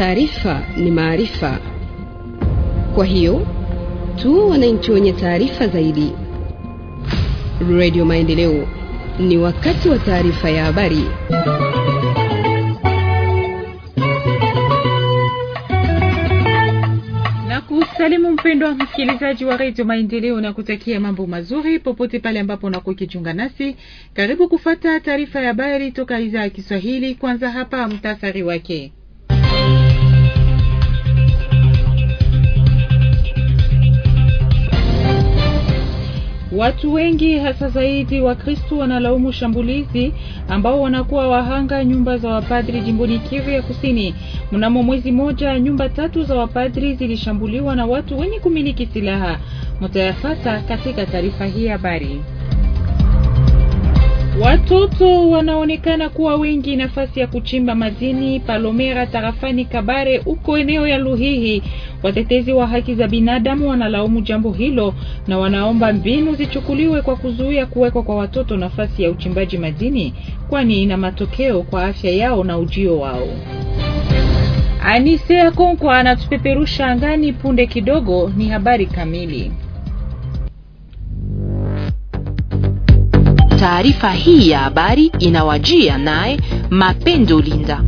Taarifa ni maarifa, kwa hiyo tu wananchi wenye taarifa zaidi. Radio Maendeleo, ni wakati wa taarifa ya habari. Nakusalimu mpendwa msikilizaji wa redio Maendeleo na kutakia mambo mazuri popote pale ambapo unako ukijiunga nasi. Karibu kufata taarifa ya habari toka idhaa ya Kiswahili. Kwanza hapa mtasari wake Watu wengi hasa zaidi Wakristo wanalaumu shambulizi ambao wanakuwa wahanga nyumba za wapadri jimboni Kivu ya Kusini. Mnamo mwezi moja, nyumba tatu za wapadri zilishambuliwa na watu wenye kumiliki silaha. mutayafata katika taarifa hii habari. Watoto wanaonekana kuwa wengi nafasi ya kuchimba madini Palomera tarafani Kabare huko eneo ya Luhihi. Watetezi wa haki za binadamu wanalaumu jambo hilo na wanaomba mbinu zichukuliwe kwa kuzuia kuwekwa kwa watoto nafasi ya uchimbaji madini, kwani ina matokeo kwa afya yao na ujio wao. Anise Akonkwa anatupeperusha angani punde kidogo. Ni habari kamili. Taarifa hii ya habari inawajia naye Mapendo Linda.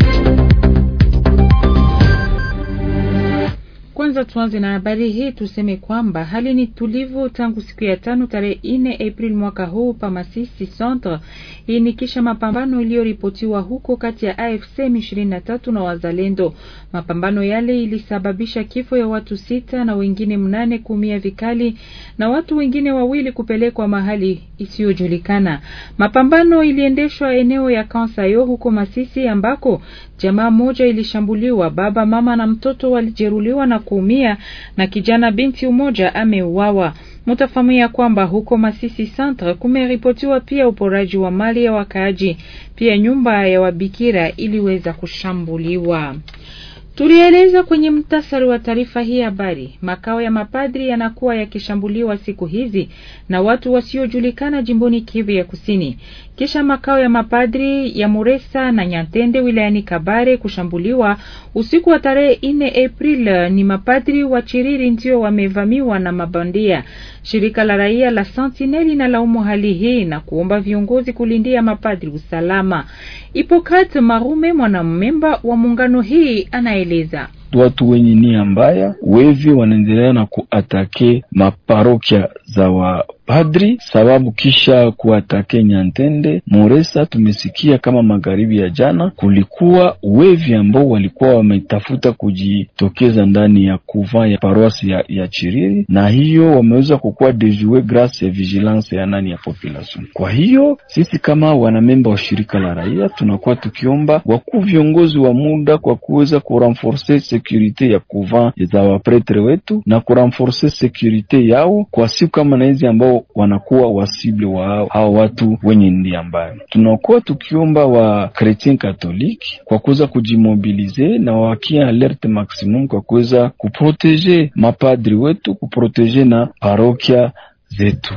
Kwanza tuanze na habari hii, tuseme kwamba hali ni tulivu tangu siku ya tano tarehe ine Aprili mwaka huu pa Masisi Centre. Hii ni kisha mapambano iliyoripotiwa huko kati ya AFC M23 na Wazalendo. Mapambano yale ilisababisha kifo ya watu sita na wengine mnane kuumia vikali na watu wengine wawili kupelekwa mahali isiyojulikana. Mapambano iliendeshwa eneo ya Kansayo huko Masisi ambako jamaa moja ilishambuliwa, baba, mama na mtoto walijeruliwa na kuumia na kijana binti umoja ameuawa. mutafamia kwamba huko Masisi Centre kumeripotiwa pia uporaji wa mali ya wakaaji, pia nyumba ya wabikira iliweza kushambuliwa. Tulieleza kwenye mtasari wa taarifa hii habari. Makao ya mapadri yanakuwa yakishambuliwa siku hizi na watu wasiojulikana jimboni Kivu ya Kusini, kisha makao ya mapadri ya Muresa na Nyatende wilayani Kabare kushambuliwa usiku wa tarehe 4 Aprili. Ni mapadri wa Chiriri ndio wamevamiwa na mabandia. Shirika la raia la Sentinel linalaumu hali hii na kuomba viongozi kulindia mapadri usalama. Ipokat Marume, mwanamemba wa muungano hii, anaye akaeleza watu wenye nia mbaya, wevi wanaendelea na kuatake maparokia za wapadri, sababu kisha kuatake Nyantende Moresa, tumesikia kama magharibi ya jana kulikuwa wevi ambao walikuwa wametafuta kujitokeza ndani ya kuva ya paroasi ya, ya Chiriri, na hiyo wameweza kukuwa dejue grace ya vigilance ya nani ya population. Kwa hiyo sisi kama wanamemba wa shirika la raia tunakuwa tukiomba wakuu viongozi wa muda kwa kuweza kurenforce sekurite ya kuvaa za wapretre wetu na kuramforce sekurite yao kwa siku kama na hizi ambao wanakuwa wasible wa hao watu wenye ndia mbaya. Tunakuwa tukiomba wa Kretien Katoliki kwa kuweza kujimobilize na wakia alerte maximum kwa kuweza kuproteje mapadri wetu, kuproteje na parokia zetu.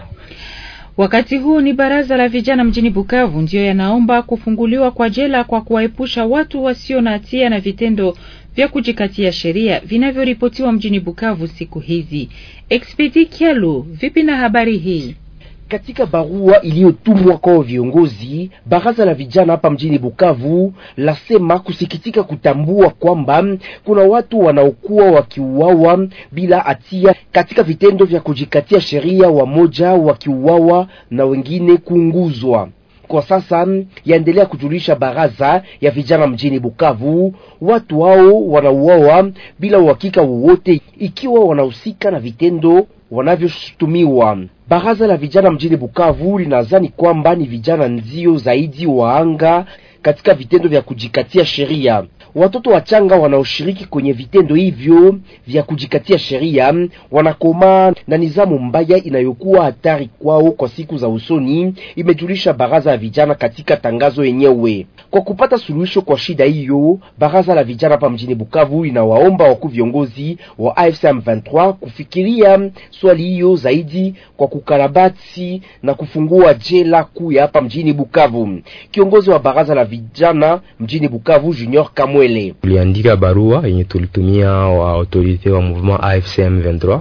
Wakati huu ni baraza la vijana mjini Bukavu ndiyo yanaomba kufunguliwa kwa jela kwa kuwaepusha watu wasio na hatia na vitendo vya kujikatia sheria vinavyoripotiwa mjini Bukavu siku hizi. Expedi Kialu, vipi na habari hii? Katika barua iliyotumwa kwa viongozi baraza la vijana hapa mjini Bukavu lasema kusikitika kutambua kwamba kuna watu wanaokuwa wakiuawa bila hatia katika vitendo vya kujikatia sheria, wamoja wakiuawa na wengine kuunguzwa kwa sasa yaendelea kujulisha baraza ya vijana mjini Bukavu. Watu hao wanauawa bila uhakika wowote ikiwa wanahusika na vitendo wanavyoshutumiwa. Baraza la vijana mjini Bukavu linazani kwamba ni vijana ndio zaidi waanga katika vitendo vya kujikatia sheria. Watoto wachanga wanaoshiriki kwenye vitendo hivyo vya kujikatia sheria wanakomaa na nizamu mbaya inayokuwa hatari kwao kwa siku za usoni, imejulisha baraza ya vijana katika tangazo yenyewe. Kwa kupata suluhisho kwa shida hiyo, baraza la vijana pa mjini Bukavu inawaomba wakuu viongozi wa AFC M23 kufikiria swali hiyo zaidi kwa kukarabati na kufungua jela kuu ya hapa mjini Bukavu. Kiongozi wa baraza la vijana mjini Bukavu Junior Kamwe kweli. Tuliandika barua yenye tulitumia wa autorite wa movement AFCM 23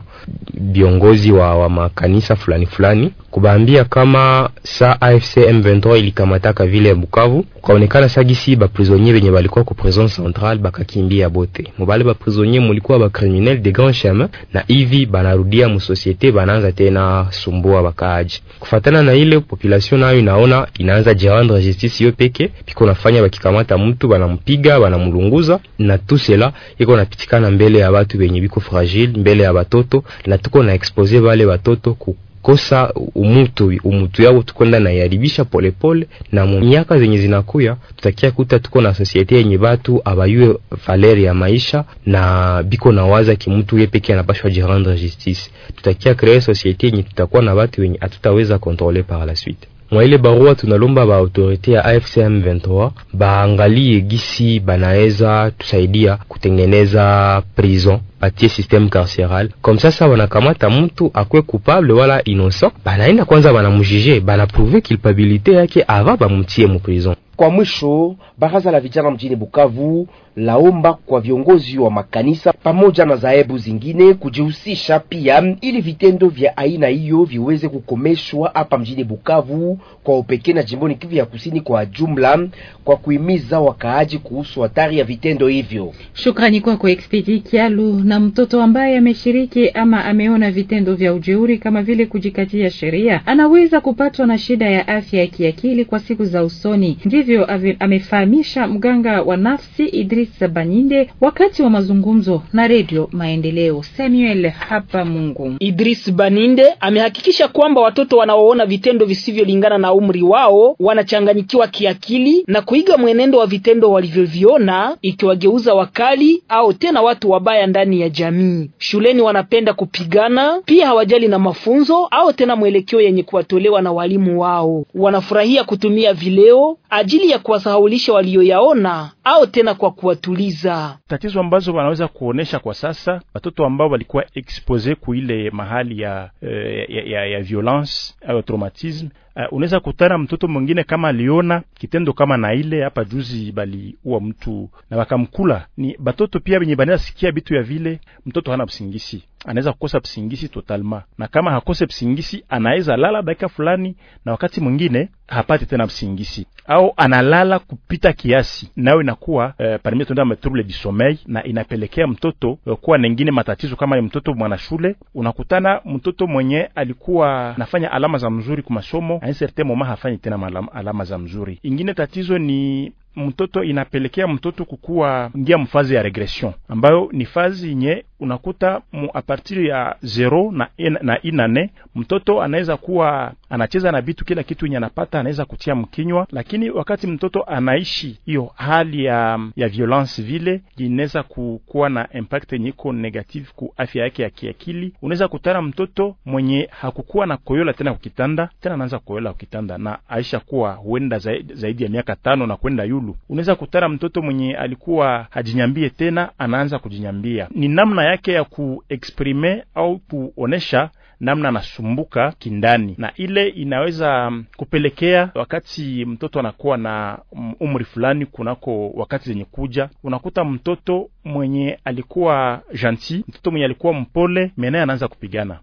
viongozi wa, wa makanisa fulani fulani kubaambia kama sa AFCM 23 ilikamataka vile ya Bukavu, ukaonekana sagisi baprisonnier benye balikuwa ku prison centrale bakakimbia bote. Mubale baprisonnier mulikuwa bacriminel de grand chemin, na hivi banarudia musosiete banaanza tena sumbua bakaaji. Kufatana na ile population nayo inaona inaanza jirandre justice yo peke piko nafanya, bakikamata mtu banampiga banam kulunguza na tout cela iko napitikana mbele ya watu wenye biko fragile, mbele ya watoto, na tuko na expose wale watoto ku kosa umutu umutu yao tukonda na yaribisha polepole pole, na miaka zenye zinakuya tutakia kuta tuko na sosiete yenye batu abayue valeri ya maisha na biko na waza kimutu ye peke anapashwa jirendre justice. Tutakia kreye sosiete yenye tutakuwa na batu wenye atutaweza kontrole par la suite mwa ile barua tunalomba ba autorite ya AFC M23 baangalie gisi banaweza tusaidia kutengeneza prison batie systeme carceral comme ça sa wanakamata mtu akwe coupable wala innocent, banaenda kwanza banamujije, banaprouve culpabilité yake ava bamumtie mu prison. Kwa mwisho, baraza la vijana mjini Bukavu laomba kwa viongozi wa makanisa pamoja na zahebu zingine kujihusisha pia, ili vitendo vya aina hiyo viweze kukomeshwa hapa mjini Bukavu kwa upekee na jimboni Kivu ya Kusini kwa jumla, kwa kuhimiza wakaaji kuhusu hatari ya vitendo hivyo. Shukrani kwako kwa Expedi Kialu. Na mtoto ambaye ameshiriki ama ameona vitendo vya ujeuri kama vile kujikatia sheria, anaweza kupatwa na shida ya afya ya kiakili kwa siku za usoni. Ndivyo amefahamisha mganga wa nafsi Idris Fabrice Baninde wakati wa mazungumzo na Redio Maendeleo. Samuel hapa Mungu Idris Baninde amehakikisha kwamba watoto wanaoona vitendo visivyolingana na umri wao wanachanganyikiwa kiakili na kuiga mwenendo wa vitendo walivyoviona, ikiwageuza wakali au tena watu wabaya ndani ya jamii. Shuleni wanapenda kupigana, pia hawajali na mafunzo au tena mwelekeo yenye kuwatolewa na walimu wao. Wanafurahia kutumia vileo ajili ya kuwasahaulisha walioyaona au tena kwa kuwa kuwatuliza tatizo ambazo wanaweza kuonesha kwa sasa. Watoto ambao walikuwa expose kuile mahali ya, eh, ya, ya, ya violence au traumatisme uh, unaweza kutana mtoto mwingine kama aliona kitendo kama na ile hapa juzi bali uwa mtu na wakamkula. Ni batoto pia benye banaweza sikia bitu ya vile, mtoto hana msingisi anaweza kukosa msingisi totalma, na kama hakose msingisi, anaweza lala dakika fulani, na wakati mwingine hapati tena msingisi au analala kupita kiasi, nayo inakuwa uh, parmi tunda trouble du sommeil, na inapelekea mtoto eh, kuwa nengine matatizo. Kama ni mtoto mwana shule, unakutana mtoto mwenye alikuwa nafanya alama za mzuri kwa masomo, a certain moment hafanyi tena alama za mzuri. Ingine tatizo ni mtoto inapelekea mtoto kukuwa ngia mfazi ya regression ambayo ni fazi nye unakuta mu apartir ya zero na in, na inane mtoto anaweza kuwa anacheza na vitu kila kitu yenye anapata anaweza kutia mkinywa, lakini wakati mtoto anaishi hiyo hali ya, ya violence vile inaweza kukuwa na impact nyiko negative ku afya yake ya kiakili. Unaweza kutana mtoto mwenye hakukuwa na koyola tena kukitanda tena anaanza koyola kukitanda na aisha kuwa huenda zaidi, zaidi ya miaka tano na kwenda yulu. Unaweza kutana mtoto mwenye alikuwa hajinyambie tena anaanza kujinyambia. Ni namna yake ya kuexprime au kuonesha namna anasumbuka kindani, na ile inaweza mm, kupelekea wakati mtoto anakuwa na mm, umri fulani, kunako wakati zenye kuja, unakuta mtoto mwenye alikuwa gentil, mtoto mwenye alikuwa mpole, menaye anaanza kupigana.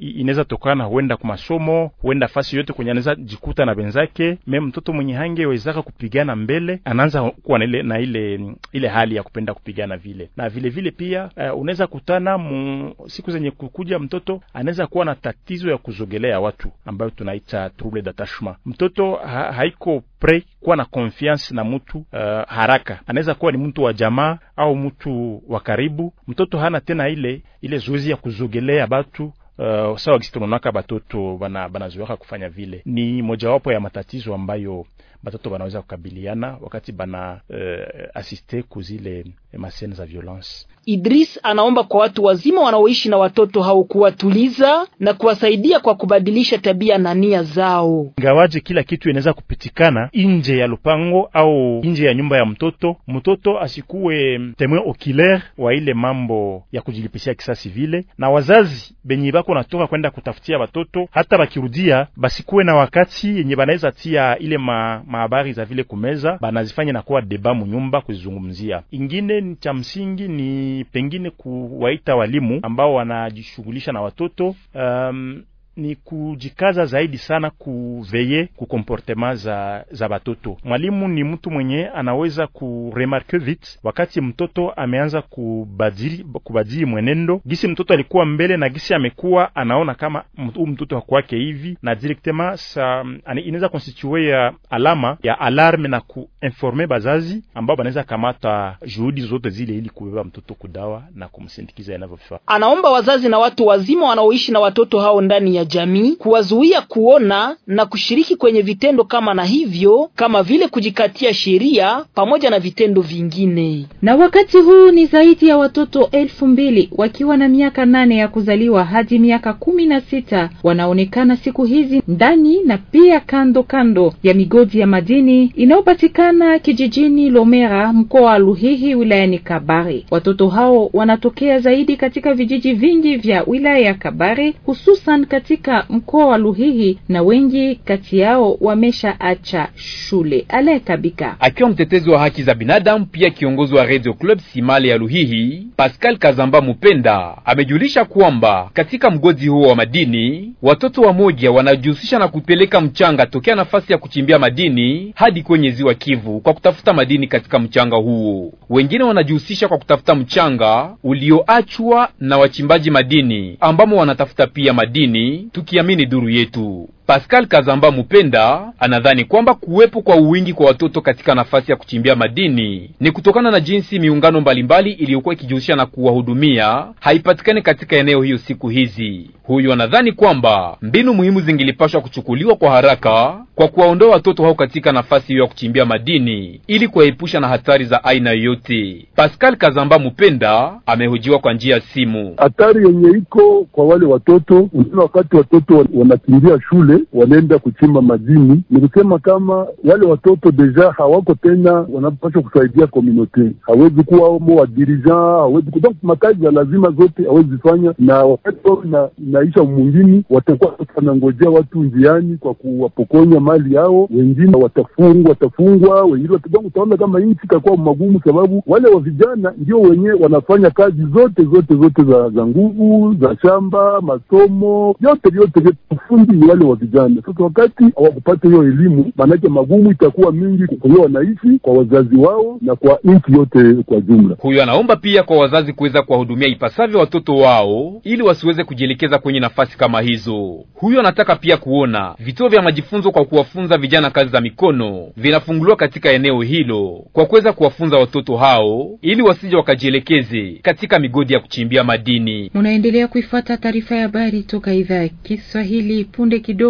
Inaweza tokana huenda kwa masomo, huenda fasi yote kwenye anaweza jikuta na benzake. Me mtoto mwenye hange wezaka kupigana mbele anaanza kuwa na ile, na ile mm, ile hali ya kupenda kupigana vile na vile vile pia, uh, unaweza kutana mu siku zenye kukuja mtoto anaweza kuwa na tatizo ya kuzogelea watu ambayo tunaita trouble d'attachement. Mtoto ha haiko pre kuwa na confiance na mtu uh, haraka. Anaweza kuwa ni mtu wa jamaa au mtu wa karibu. Mtoto hana tena ile ile zoezi ya kuzogelea batu uh, sawa gisi tunaonaka batoto bana kufanya vile, ni mojawapo ya matatizo ambayo batoto banaweza kukabiliana wakati bana uh, eh, asiste kuzile masene za violence. Idris anaomba kwa watu wazima wanaoishi na watoto hao kuwatuliza na kuwasaidia kwa kubadilisha tabia na nia zao, ingawaje kila kitu inaweza kupitikana nje ya lupango au nje ya nyumba ya mtoto. Mtoto asikuwe temwe oculaire wa ile mambo ya kujilipishia kisasi vile, na wazazi benye bako bako natoka kwenda kutafutia watoto, hata bakirudia basikuwe na wakati yenye banaweza tia ile ma, mahabari za vile kumeza, banazifanya na kuwa deba munyumba kuzizungumzia. Ingine cha msingi ni pengine kuwaita walimu ambao wanajishughulisha na watoto um, ni kujikaza zaidi sana kuveye kukomportema za, za batoto. Mwalimu ni mtu mwenye anaweza kuremarke vite wakati mtoto ameanza kubadili, kubadili mwenendo gisi mtoto alikuwa mbele na gisi amekuwa anaona kama mtu, mtoto hakwake hivi na directement sa inaweza konstitue ya alama ya alarme na kuinforme bazazi ambao banaweza kamata juhudi zote zile ili kubeba mtoto kudawa na kumsindikiza inavyofaa. Anaomba wazazi na watu wazima wanaoishi na watoto hao ndani ya jamii, kuwazuia kuona na kushiriki kwenye vitendo kama na hivyo kama vile kujikatia sheria pamoja na vitendo vingine. Na wakati huu ni zaidi ya watoto elfu mbili wakiwa na miaka nane ya kuzaliwa hadi miaka kumi na sita wanaonekana siku hizi ndani na pia kando kando ya migodi ya madini inayopatikana kijijini Lomera, mkoa wa Luhihi, wilayani Kabare. Watoto hao wanatokea zaidi katika vijiji vingi vya wilaya ya Kabare hususan katika katika mkoa wa Luhihi na wengi kati yao wameshaacha shule. Alekabika akiwa mtetezi wa haki za binadamu, pia kiongozi wa Radio Club Simale ya Luhihi, Pascal Kazamba Mupenda amejulisha kwamba katika mgodi huo wa madini watoto wamoja wanajihusisha na kupeleka mchanga tokea nafasi ya kuchimbia madini hadi kwenye ziwa Kivu kwa kutafuta madini katika mchanga huo. Wengine wanajihusisha kwa kutafuta mchanga ulioachwa na wachimbaji madini ambamo wanatafuta pia madini tukiamini duru yetu. Pascal Kazamba Mupenda anadhani kwamba kuwepo kwa uwingi kwa watoto katika nafasi ya kuchimbia madini ni kutokana na jinsi miungano mbalimbali iliyokuwa ikijihusisha na kuwahudumia haipatikani katika eneo hiyo siku hizi. Huyu anadhani kwamba mbinu muhimu zingilipashwa kuchukuliwa kwa haraka kwa kuwaondoa watoto hao katika nafasi hiyo ya kuchimbia madini ili kuwaepusha na hatari za aina yoyote. Pascal Kazamba Mupenda amehojiwa kwa njia ya simu. Hatari yenye iko kwa wale watoto, wakati watoto wanakimbia shule wanaenda kuchimba madini. Ni kusema kama wale watoto deja hawako tena wanapasha kusaidia komunote, hawezi kuwa mo wadirija, hawezi donc makazi ya lazima zote hawezi fanya, na wakati na naisha mwingine watakuwa wanangojea watu njiani kwa kuwapokonya mali yao, wengine watafungwa, watafungwa wengine donc utaona kama nchi itakuwa magumu, sababu wale wa vijana ndio wenyewe wanafanya kazi zote zote zote za, za nguvu za shamba, masomo yote yote, ufundi wale wa vijana. Sasa wakati hawakupata hiyo elimu, maanake magumu itakuwa mingi kwenyewe wanaishi, kwa wazazi wao na kwa nchi yote kwa jumla. Huyo anaomba pia kwa wazazi kuweza kuwahudumia ipasavyo watoto wao ili wasiweze kujielekeza kwenye nafasi kama hizo. Huyo anataka pia kuona vituo vya majifunzo kwa kuwafunza vijana kazi za mikono vinafunguliwa katika eneo hilo kwa kuweza kuwafunza watoto hao ili wasije wakajielekeze katika migodi ya kuchimbia madini. Munaendelea kuifuata taarifa ya habari toka idhaa ya Kiswahili punde kidogo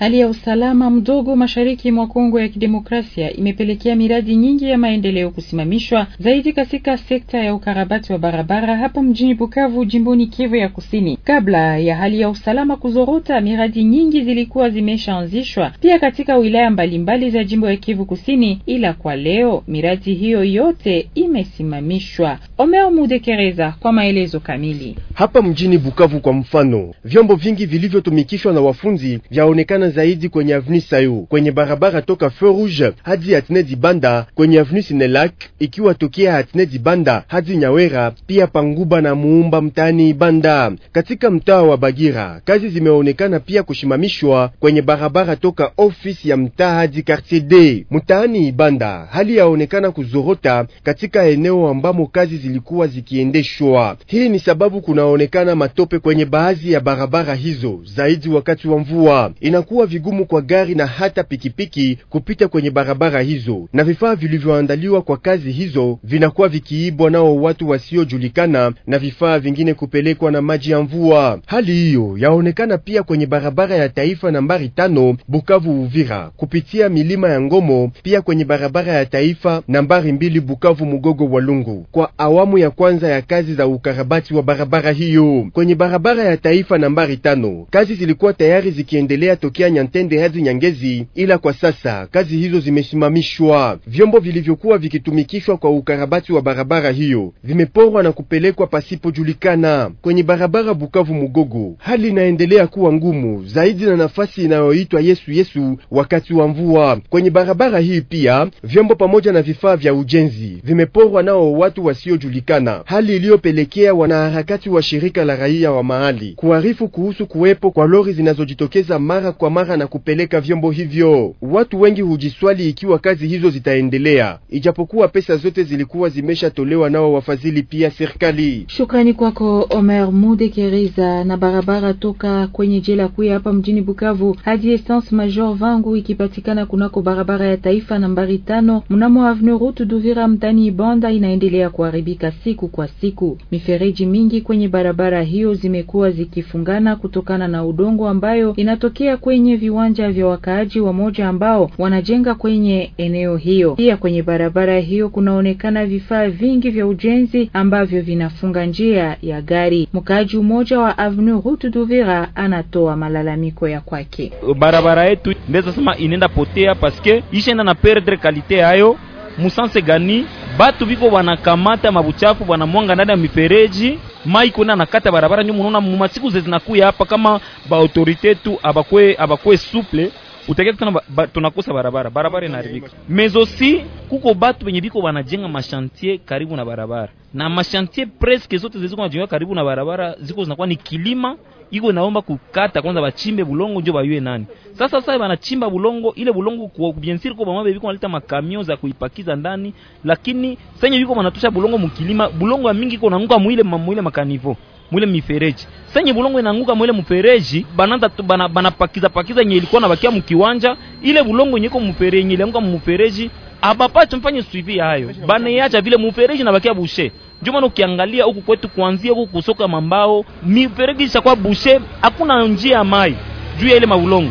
Hali ya usalama mdogo mashariki mwa Kongo ya Kidemokrasia imepelekea miradi nyingi ya maendeleo kusimamishwa zaidi katika sekta ya ukarabati wa barabara hapa mjini Bukavu, jimboni Kivu ya Kusini. Kabla ya hali ya usalama kuzorota, miradi nyingi zilikuwa zimeshaanzishwa pia katika wilaya mbalimbali za jimbo ya Kivu Kusini, ila kwa leo miradi hiyo yote imesimamishwa. Omeo Mudekereza kwa maelezo kamili. Hapa mjini Bukavu, kwa mfano, vyombo vingi vilivyotumikishwa na wafunzi vyaonekana zaidi kwenye avenue Sayo, kwenye barabara toka Feu Rouge hadi Atene Dibanda, kwenye avenue Sinelac ikiwa tokia Atene Dibanda hadi Nyawera, pia Panguba na Muumba mtaani Ibanda. Katika mtaa wa Bagira kazi zimeonekana pia kushimamishwa kwenye barabara toka ofisi ya mtaa hadi Quartier D mtaani Ibanda. Hali yaonekana kuzorota katika eneo ambamo kazi zilikuwa zikiendeshwa. Hii ni sababu kunaonekana matope kwenye baadhi ya barabara hizo zaidi wakati wa mvua inakuwa inakuwa vigumu kwa gari na hata pikipiki kupita kwenye barabara hizo, na vifaa vilivyoandaliwa kwa kazi hizo vinakuwa vikiibwa nao watu wasiojulikana, na vifaa vingine kupelekwa na maji ya mvua. Hali hiyo yaonekana pia kwenye barabara ya taifa nambari tano Bukavu Uvira kupitia milima ya Ngomo, pia kwenye barabara ya taifa nambari mbili Bukavu Mugogo Walungu, kwa awamu ya kwanza ya kazi za ukarabati wa barabara hiyo. Kwenye barabara ya taifa nambari tano kazi zilikuwa tayari zikiendelea tokea Bunia, Nyantende hadi Nyangezi, ila kwa sasa kazi hizo zimesimamishwa. Vyombo vilivyokuwa vikitumikishwa kwa ukarabati wa barabara hiyo vimeporwa na kupelekwa pasipojulikana kwenye barabara Bukavu Mugogo. Hali inaendelea kuwa ngumu zaidi na nafasi inayoitwa Yesu Yesu wakati wa mvua. Kwenye barabara hii pia vyombo pamoja na vifaa vya ujenzi vimeporwa nao watu wasiojulikana, hali iliyopelekea wanaharakati wa shirika la raia wa mahali kuarifu kuhusu kuwepo kwa lori zinazojitokeza mara kwa mara na kupeleka vyombo hivyo. Watu wengi hujiswali ikiwa kazi hizo zitaendelea, ijapokuwa pesa zote zilikuwa zimeshatolewa nao wafadhili pia serikali. Shukrani kwako Omer Mudekeriza. Na barabara toka kwenye jela kuu hapa mjini Bukavu hadi Essence Major Vangu ikipatikana kunako barabara ya taifa nambari tano mnamo Avenue Route d'Uvira mtani ibonda inaendelea kuharibika siku kwa siku. Mifereji mingi kwenye barabara hiyo zimekuwa zikifungana kutokana na udongo ambayo inatokea kwenye kwenye viwanja vya wakaaji wa moja ambao wanajenga kwenye eneo hiyo. Pia kwenye barabara hiyo kunaonekana vifaa vingi vya ujenzi ambavyo vinafunga njia ya gari. Mkaaji mmoja wa Avenue Route d'Uvira anatoa malalamiko ya kwake. Barabara yetu ndeza sema inenda potea paske ishaenda na perdre kalite yayo musanse gani batu biko banakamata mabuchafu banamwanga ndani ya mifereji mai kuna nakata barabara nyo munaona mumasiku ze zinakuya hapa kama baautorite tu abakwe abakwe suple utake tena ba, tunakosa barabara, barabara inaharibika. Mezosi kuko batu benye biko wanajenga mashantie karibu na barabara, na mashantie presque zote zilizokuwa zinajenga karibu na barabara ziko zinakuwa ni kilima iko naomba kukata kwanza, bachimbe bulongo njo bayue nani. Sasa sasa banachimba bulongo, ile bulongo kwa kubiensiri kwa mama biko wanaleta makamio za kuipakiza ndani, lakini senye biko wanatosha bulongo mukilima, bulongo ya mingi iko naanguka muile muile makanivo mwile mifereji senye bulongo inaanguka mwile mfereji bananda bana, pakiza yenye ilikuwa nabakia mkiwanja ile bulongo nyeko mfereji yenye ilianguka mfereji abapate mfanye suivi hayo banaiacha vile mfereji nabakia bushe ndio maana ukiangalia huku kwetu kuanzia huku kusoka mambao mifereji ishakuwa bushe hakuna njia ya mai juu ya ile maulongo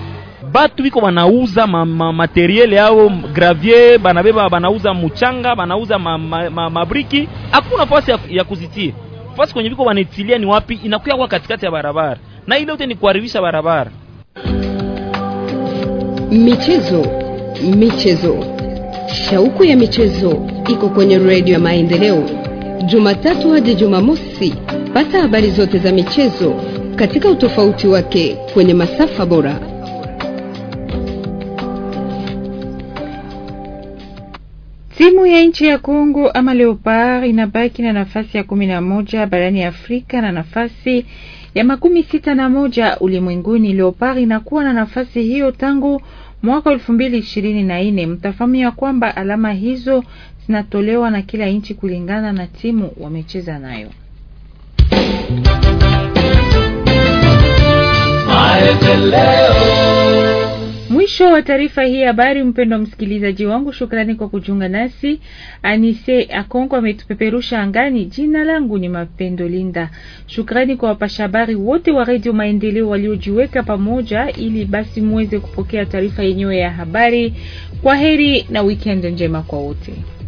batu biko banauza ma, ma, materiele yao gravier banabeba banauza muchanga banauza mabriki ma, ma, ma hakuna fasi ya, ya kuzitia nafasi kwenye viko wanaitilia ni wapi, inakuya kwa katikati ya barabara, na ile yote ni kuharibisha barabara. Michezo, michezo, shauku ya michezo iko kwenye redio ya Maendeleo, Jumatatu hadi Jumamosi. Pata habari zote za michezo katika utofauti wake kwenye masafa bora. Timu ya nchi ya Kongo ama Leopard inabaki na nafasi ya kumi na moja barani Afrika na nafasi ya makumi sita na moja ulimwenguni. Leopard inakuwa na nafasi hiyo tangu mwaka elfu mbili ishirini na nne. Mtafahamu ya kwamba alama hizo zinatolewa na kila nchi kulingana na timu wamecheza nayo. Maendeleo. Mwisho wa taarifa hii habari, wa msikilizaji wangu, shukrani kwa kujiunga nasi. Anise Akongo ametupeperusha angani. Jina langu ni Mapendo Linda. Shukrani kwa wapasha habari wote wa Redio Maendeleo waliojiweka pamoja ili basi muweze kupokea taarifa yenyewe ya habari. Kwa heri na wikend njema kwa wote.